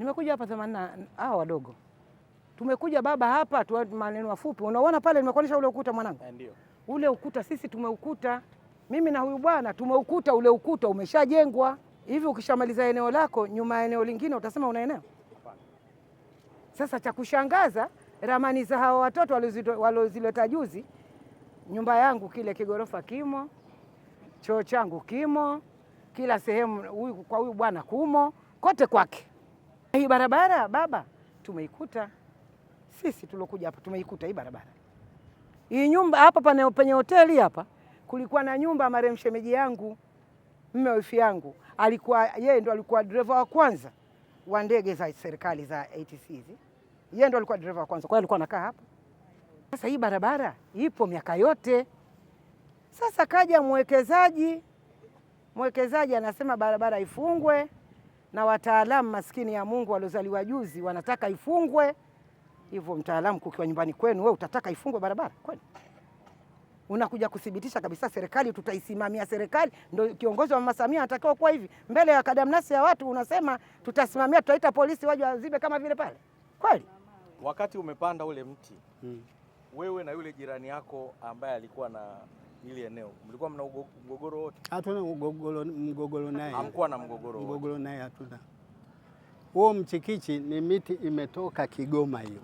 nimekuja hapa themanini hawa wadogo tumekuja baba hapa tu, maneno mafupi. Unaona pale nimekuonesha ule ukuta mwanangu, eh, ndio ule ukuta. Sisi tumeukuta mimi na huyu bwana tumeukuta ule ukuta, umeshajengwa hivi. Ukishamaliza eneo lako, nyuma ya eneo lingine utasema una eneo. Sasa cha kushangaza, ramani za hawa watoto waliozileta juzi, nyumba yangu kile kigorofa kimo, choo changu kimo, kila sehemu kwa huyu bwana kumo, kote kwake hii barabara baba, tumeikuta sisi tulokuja hapa, tumeikuta hii barabara. Hii nyumba hapa pana penye hoteli hapa, kulikuwa na nyumba ya marehemu shemeji yangu, mme wifi yangu, alikuwa yeye ndo alikuwa dereva wa kwanza wa ndege za serikali za ATC hizi. Yeye ndo alikuwa dereva wa kwanza, kwa hiyo alikuwa anakaa hapa. Sasa hii barabara ipo miaka yote. Sasa kaja mwekezaji, mwekezaji anasema barabara ifungwe na wataalamu maskini ya Mungu waliozaliwa juzi wanataka ifungwe hivyo. Mtaalamu kukiwa nyumbani kwenu, wewe utataka ifungwe barabara kweli? Unakuja kuthibitisha kabisa serikali, tutaisimamia serikali. Ndio kiongozi wa Mama Samia anatakiwa kuwa hivi, mbele ya kadamnasi ya watu unasema tutasimamia, tutaita polisi waje wazibe kama vile pale kweli. Wakati umepanda ule mti hmm, wewe na yule jirani yako ambaye alikuwa na ili eneo mlikuwa mna mgogoro wote? Hatuna mgogoro, mgogoro naye hamkuwa na mgogoro, mgogoro naye hatuna. Huo mchikichi ni miti imetoka Kigoma hiyo,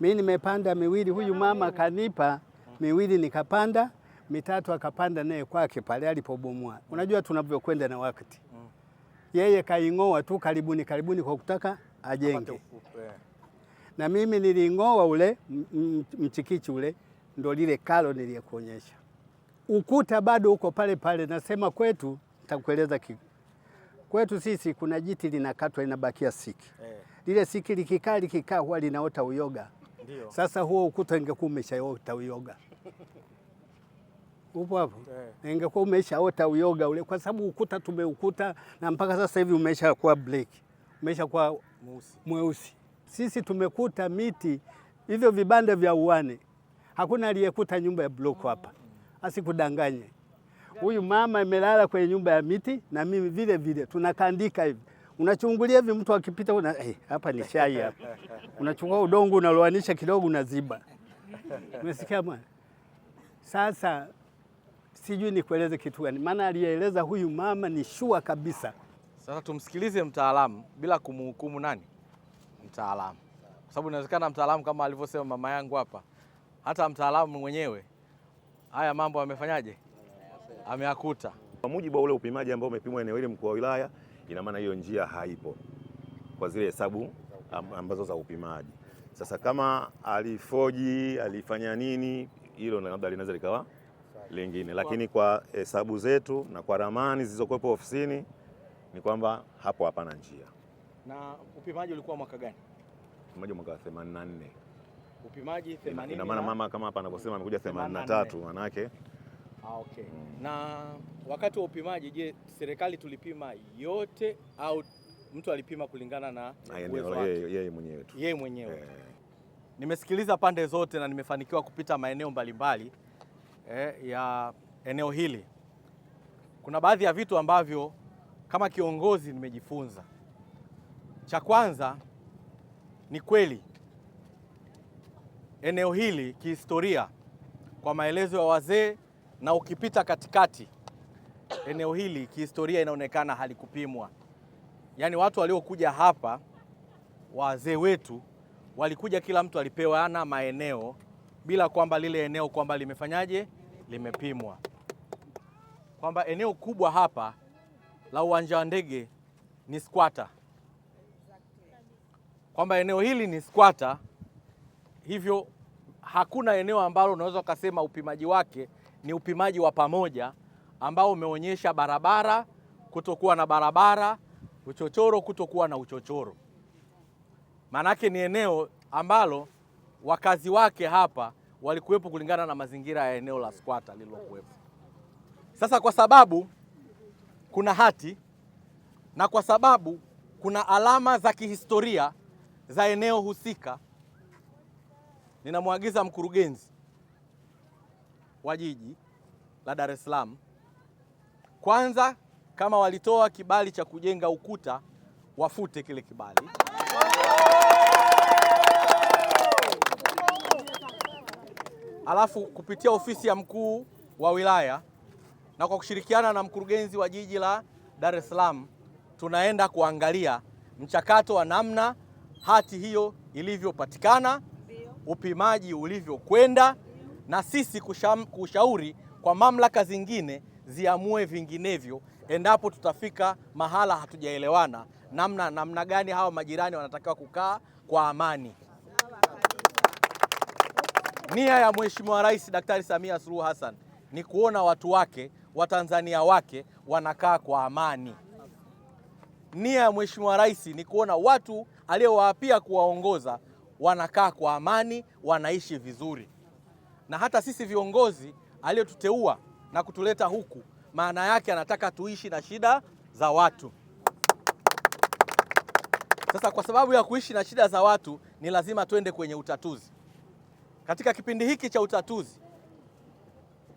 hmm. nimepanda miwili, huyu mama kanipa miwili nikapanda mitatu, akapanda naye kwake pale alipobomoa. Unajua tunavyokwenda na wakati, yeye kaing'oa tu karibuni karibuni kwa kutaka ajenge, eh. na mimi niling'oa ule mchikichi ule, ndo lile kalo niliyekuonyesha ukuta bado uko pale pale. Nasema kwetu, nitakueleza kwetu sisi kuna jiti linakatwa linabakia siki eh. Lile siki likikaa likikaa huwa linaota uyoga. Ndiyo. Sasa huo ukuta ingekuwa umeshaota uyoga upo hapo eh. Ingekuwa umeshaota uyoga ule, kwa sababu ukuta tumeukuta na mpaka sasa hivi umesha kuwa black, umesha kuwa mweusi. Sisi tumekuta miti hivyo vibanda vya uwani, hakuna aliyekuta nyumba ya block hapa asikudanganye. Huyu mama amelala kwenye nyumba ya miti na mimi vile vile tunakandika hivi. Unachungulia hivi mtu akipita una hey, eh, hapa ni chai hapa. Unachukua udongo unaloanisha kidogo unaziba. Umesikia bwana? Sasa sijui nikueleze kitu gani. Maana alieleza huyu mama ni shua kabisa. Sasa tumsikilize mtaalamu bila kumhukumu nani? Mtaalamu. Kwa sababu inawezekana mtaalamu kama alivyosema mama yangu hapa, hata mtaalamu mwenyewe haya mambo amefanyaje, ameyakuta. Kwa mujibu wa ule upimaji ambao umepimwa eneo hili, mkuu wa wilaya, ina maana hiyo njia haipo kwa zile hesabu ambazo za upimaji. Sasa kama alifoji alifanya nini, hilo labda linaweza likawa lingine, lakini kwa hesabu zetu na kwa ramani zilizokuwepo ofisini ni kwamba hapo hapana njia. Na upimaji ulikuwa mwaka gani? Upimaji mwaka 84 upimaji 80. Ina maana mama kama hapa anaposema amekuja 83 manake. Ah, okay. Hmm. Na wakati wa upimaji, je, serikali tulipima yote au mtu alipima kulingana na ah, uwezo wake yeye mwenyewe tu? Yeye mwenyewe. Eh. Nimesikiliza pande zote na nimefanikiwa kupita maeneo mbalimbali eh, ya eneo hili. Kuna baadhi ya vitu ambavyo kama kiongozi nimejifunza. Cha kwanza ni kweli eneo hili kihistoria, kwa maelezo ya wazee, na ukipita katikati eneo hili kihistoria inaonekana halikupimwa. Yaani watu waliokuja hapa, wazee wetu walikuja, kila mtu alipewana maeneo bila kwamba lile eneo kwamba limefanyaje, limepimwa, kwamba eneo kubwa hapa la uwanja wa ndege ni squatter, kwamba eneo hili ni squatter Hivyo hakuna eneo ambalo unaweza ukasema upimaji wake ni upimaji wa pamoja ambao umeonyesha barabara kutokuwa na barabara, uchochoro kutokuwa na uchochoro. Maanake ni eneo ambalo wakazi wake hapa walikuwepo kulingana na mazingira ya eneo la Skwata lililokuwepo. Sasa kwa sababu kuna hati na kwa sababu kuna alama za kihistoria za eneo husika ninamwagiza mkurugenzi wa jiji la Dar es Salaam kwanza, kama walitoa kibali cha kujenga ukuta wafute kile kibali. Alafu kupitia ofisi ya mkuu wa wilaya na kwa kushirikiana na mkurugenzi wa jiji la Dar es Salaam tunaenda kuangalia mchakato wa namna hati hiyo ilivyopatikana upimaji ulivyokwenda na sisi kusha, kushauri kwa mamlaka zingine ziamue vinginevyo, endapo tutafika mahala hatujaelewana namna namna gani hawa majirani wanatakiwa kukaa kwa amani. Nia ya Mheshimiwa Rais Daktari Samia Suluhu Hassan ni kuona watu wake Watanzania wake wanakaa kwa amani. Nia ya Mheshimiwa Rais ni kuona watu aliyowaapia kuwaongoza wanakaa kwa amani, wanaishi vizuri. Na hata sisi viongozi aliyotuteua na kutuleta huku, maana yake anataka tuishi na shida za watu. Sasa kwa sababu ya kuishi na shida za watu, ni lazima twende kwenye utatuzi. Katika kipindi hiki cha utatuzi,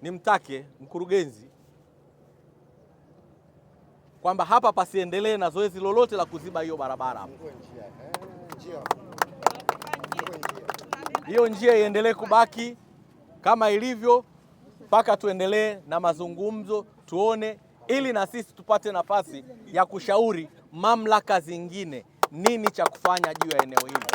nimtake mkurugenzi kwamba hapa pasiendelee na zoezi lolote la kuziba hiyo barabara hapo hiyo njia iendelee kubaki kama ilivyo mpaka tuendelee na mazungumzo, tuone ili na sisi tupate nafasi ya kushauri mamlaka zingine nini cha kufanya juu ya eneo hili.